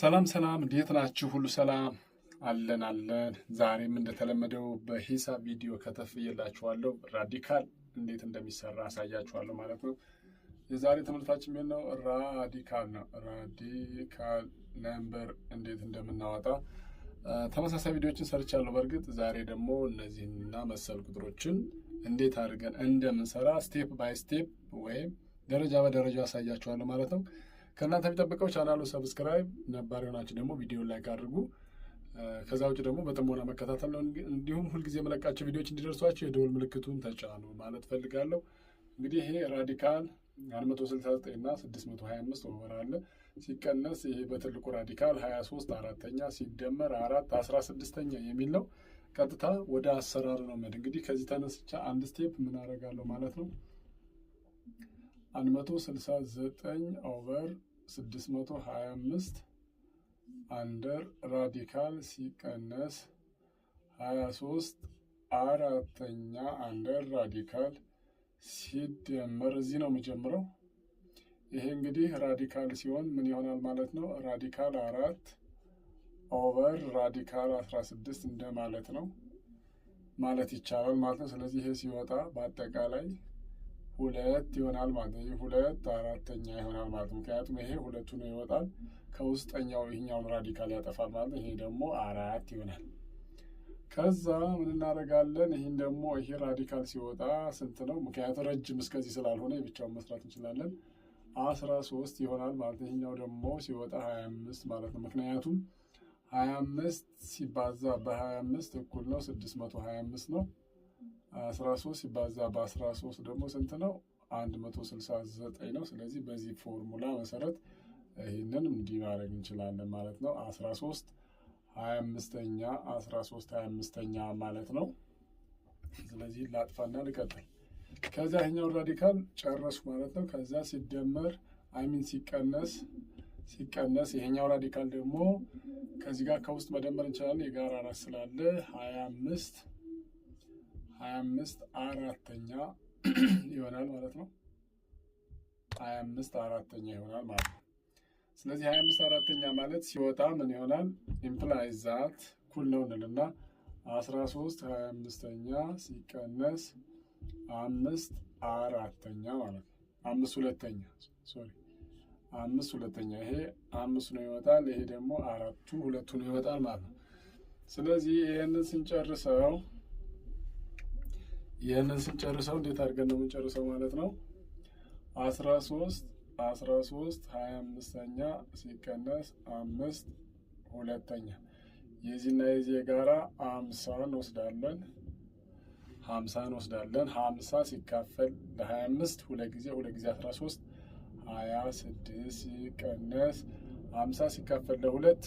ሰላም ሰላም፣ እንዴት ናችሁ? ሁሉ ሰላም አለን አለን። ዛሬም እንደተለመደው በሂሳብ ቪዲዮ ከተፍ እየላችኋለሁ። ራዲካል እንዴት እንደሚሰራ አሳያችኋለሁ ማለት ነው። የዛሬ ትምህርታችን ነው? ራዲካል ነው። ራዲካል ነምበር እንዴት እንደምናወጣ ተመሳሳይ ቪዲዮዎችን ሰርቻለሁ። በእርግጥ ዛሬ ደግሞ እነዚህና መሰል ቁጥሮችን እንዴት አድርገን እንደምንሰራ ስቴፕ ባይ ስቴፕ ወይም ደረጃ በደረጃ አሳያችኋለሁ ማለት ነው። ከእናንተ የሚጠብቀው ቻናሉ ሰብስክራይብ፣ ነባሪ ደግሞ ቪዲዮ ላይክ አድርጉ። ከዛ ውጭ ደግሞ በጥሞና መከታተል ነው። እንዲሁም ሁልጊዜ የመለቃቸው ቪዲዮዎች እንዲደርሷቸው የደወል ምልክቱን ተጫኑ ማለት ፈልጋለሁ። እንግዲህ ይሄ ራዲካል 169 እና 625 ኦቨር አለ ሲቀነስ ይሄ በትልቁ ራዲካል 23 አራተኛ ሲደመር አራት 16ኛ የሚል ነው። ቀጥታ ወደ አሰራር ነው መድ እንግዲህ ከዚህ ተነስቻ አንድ ስቴፕ ምን አደርጋለሁ ማለት ነው 169 ኦቨር 625 አንደር ራዲካል ሲቀነስ 23 አራተኛ አንደር ራዲካል ሲደመር እዚህ ነው የሚጀምረው። ይሄ እንግዲህ ራዲካል ሲሆን ምን ይሆናል ማለት ነው? ራዲካል አራት ኦቨር ራዲካል 16 እንደማለት ነው ማለት ይቻላል ማለት ነው። ስለዚህ ይሄ ሲወጣ በአጠቃላይ ሁለት ይሆናል ማለት ነው። ይህ ሁለት አራተኛ ይሆናል ማለት ነው። ምክንያቱም ይሄ ሁለቱ ነው ይወጣል ከውስጠኛው ይህኛውን ራዲካል ያጠፋል ማለት ነው። ይሄ ደግሞ አራት ይሆናል። ከዛ ምን እናደርጋለን? ይህን ደግሞ ይሄ ራዲካል ሲወጣ ስንት ነው? ምክንያቱም ረጅም እስከዚህ ስላልሆነ የብቻውን መስራት እንችላለን። አስራ ሶስት ይሆናል ማለት ነው። ይህኛው ደግሞ ሲወጣ ሀያ አምስት ማለት ነው። ምክንያቱም ሀያ አምስት ሲባዛ በሀያ አምስት እኩል ነው ስድስት መቶ ሀያ አምስት ነው። አስራ ሶስት ሲባዛ በአስራ ሶስት ደግሞ ስንት ነው? ዘጠኝ ነው። ስለዚህ በዚህ ፎርሙላ መሰረት ይህንን እንዲህ ማድረግ እንችላለን ማለት ነው። ሀያ 25ኛ ሶስት ሀያ አምስተኛ ማለት ነው። ስለዚህ ላጥፋና ልቀጥል። ከዚያ ይሄኛው ራዲካል ጨረሱ ማለት ነው። ከዚያ ሲደመር አይሚን ሲቀነስ ሲቀነስ ይሄኛው ራዲካል ደግሞ ከዚህ ጋር ከውስጥ መደመር እንችላለን። የጋራ አራት ስላለ አምስት ሀያ አምስት አራተኛ ይሆናል ማለት ነው። ሀያ አምስት አራተኛ ይሆናል ማለት ነው። ስለዚህ ሀያ አምስት አራተኛ ማለት ሲወጣ ምን ይሆናል? ኢምፕላይ ዛት ኩል ነው እንልና አስራ ሶስት ሀያ አምስተኛ ሲቀነስ አምስት አራተኛ ማለት ነው። አምስት ሁለተኛ ሶሪ አምስት ሁለተኛ ይሄ አምስት ነው ይወጣል። ይሄ ደግሞ አራቱ ሁለቱ ነው ይወጣል ማለት ነው። ስለዚህ ይህንን ስንጨርሰው ይህንን ስንጨርሰው እንዴት አድርገን ነው የምንጨርሰው ማለት ነው። አስራ ሶስት አስራ ሶስት ሀያ አምስተኛ ሲቀነስ አምስት ሁለተኛ የዚህና የዚህ የጋራ አምሳ ወስዳለን ሀምሳ ወስዳለን ሀምሳ ሲካፈል ለሀያ አምስት ሁለት ጊዜ ሁለት ጊዜ አስራ ሶስት ሀያ ስድስት ሲቀነስ ሀምሳ ሲካፈል ለሁለት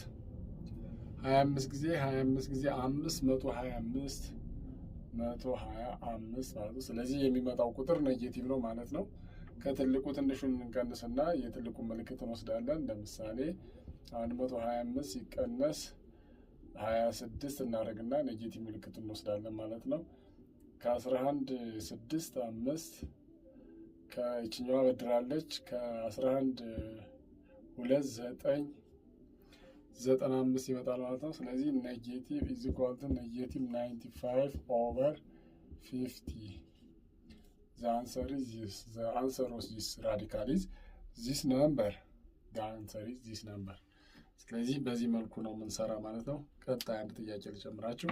ሀያ አምስት ጊዜ ሀያ አምስት ጊዜ አምስት መቶ ሀያ አምስት መቶ ሀያ አምስት ማለት ነው። ስለዚህ የሚመጣው ቁጥር ኔጌቲቭ ነው ማለት ነው። ከትልቁ ትንሹን እንቀንስና የትልቁን ምልክት እንወስዳለን። ለምሳሌ አንድ መቶ ሀያ አምስት ሲቀነስ ሀያ ስድስት እናደርግና ኔጌቲቭ ምልክት እንወስዳለን ማለት ነው። ከአስራ አንድ ስድስት አምስት ከችኛዋ በድራለች ከአስራ አንድ ሁለት ዘጠኝ ዘጠና አምስት ይመጣል ማለት ነው። ስለዚህ ኔጌቲቭ ኢዝ ኢኳል ቱ ኔጌቲቭ ናይንቲ ፋይቭ ኦቨር ፊፍቲ ዘ አንሰር ኢዝ ዚስ ዘ አንሰር ኦፍ ዚስ ራዲካል ኢዝ ዚስ ነምበር ዘ አንሰር ኢዝ ዚስ ነምበር። ስለዚህ በዚህ መልኩ ነው የምንሰራ ማለት ነው። ቀጣይ አንድ ጥያቄ ልጨምራችሁ።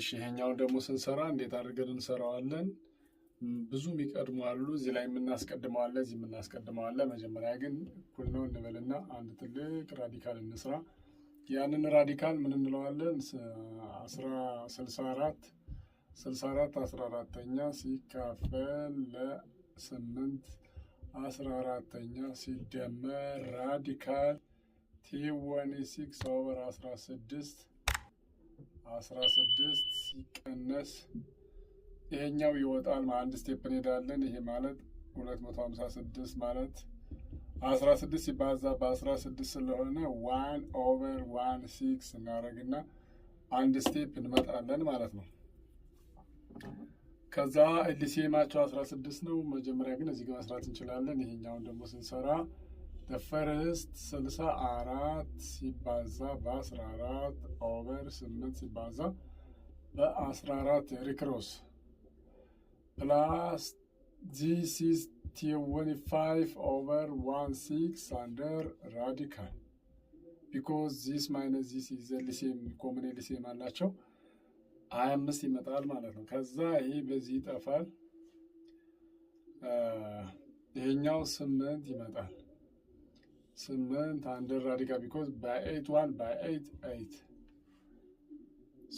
እሺ ይሄኛውን ደግሞ ስንሰራ እንዴት አድርገን እንሰራዋለን? ብዙ የሚቀድሙ አሉ። እዚህ ላይ የምናስቀድመዋለ፣ እዚህ የምናስቀድመዋለ። መጀመሪያ ግን እኩል ነው እንበልና አንድ ትልቅ ራዲካል እንስራ። ያንን ራዲካል ምን እንለዋለን? ስልሳ አራት ስልሳ አራት አስራ አራተኛ ሲካፈል ለስምንት አስራ አራተኛ ሲደመር ራዲካል ቲ ወኒ ሲክስ ኦቨር አስራ ስድስት አስራ ስድስት ሲቀነስ ይሄኛው ይወጣል። አንድ ስቴፕ እንሄዳለን። ይሄ ማለት ሁለት መቶ ሀምሳ ስድስት ማለት አስራ ስድስት ሲባዛ በአስራ ስድስት ስለሆነ ዋን ኦቨር ዋን ሲክስ እናደርግና አንድ ስቴፕ እንመጣለን ማለት ነው። ከዛ ኤልሲኤማቸው አስራ ስድስት ነው። መጀመሪያ ግን እዚህ ጋር መስራት እንችላለን። ይሄኛውን ደግሞ ስንሰራ ፈርስት 64 ሲባዛ በ14 ኦቨር 8 ሲባዛ በ14 ሪክሮስ ፕላስ ዚስ ኢዝ 25 ኦቨር 16 አንደር ራዲካል ቢኮዝ ዚስ ማይነስ ዚስ ኢዝ ሊሴም ኮምኔ ሊሴም አላቸው 25 ይመጣል ማለት ነው። ከዛ ይሄ በዚህ ይጠፋል። ይሄኛው ስምንት ይመጣል። ስምንት አንደር ራዲካል ቢኮዝ ባይ ኤይት ዋን ባይ ኤይት ኤይት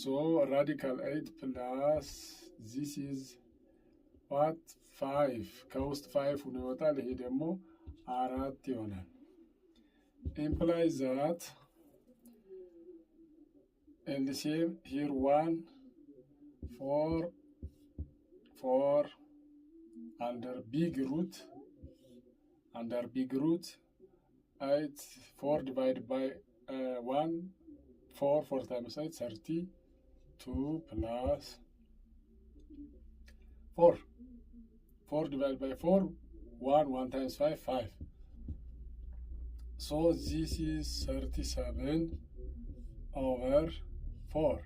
ሶ ራዲካል ኤይት ፕላስ ዚስ ኢዝ ዋት ፋይቭ ከውስጥ ፋይቭ ሆኖ ይወጣል። ይሄ ደግሞ አራት ይሆናል። ኢምፕላይ ዛት ኤልሲኤም ሂር ዋን ፎር ፎር አንደር ቢግ ሩት አንደር ቢግ ሩት It's 4 divided by uh, 1 4 4 times 8 30 2 plus 4 4 divided by 4 1 1 times 5 5 so this is 37 over 4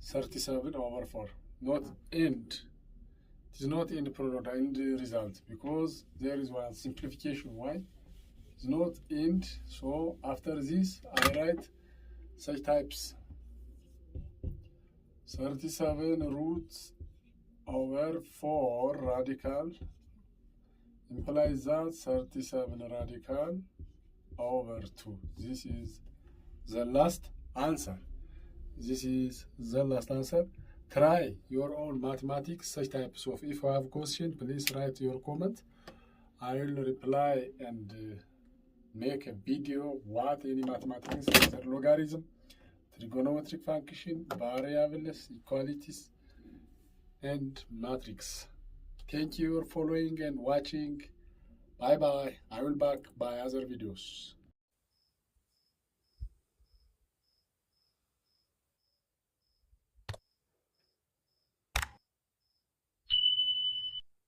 37 over 4 not end it is not end product end result because there is one simplification why is not end so after this I write such types 37 roots over 4 radical implies that 37 radical over 2 this is the last answer this is the last answer try your own mathematics such types of if you have question please write your comment i will reply and uh, make a video what any mathematics is a logarithm, trigonometric function, variables, equalities, and matrix. Thank you for following and watching. Bye bye. I will back by other videos.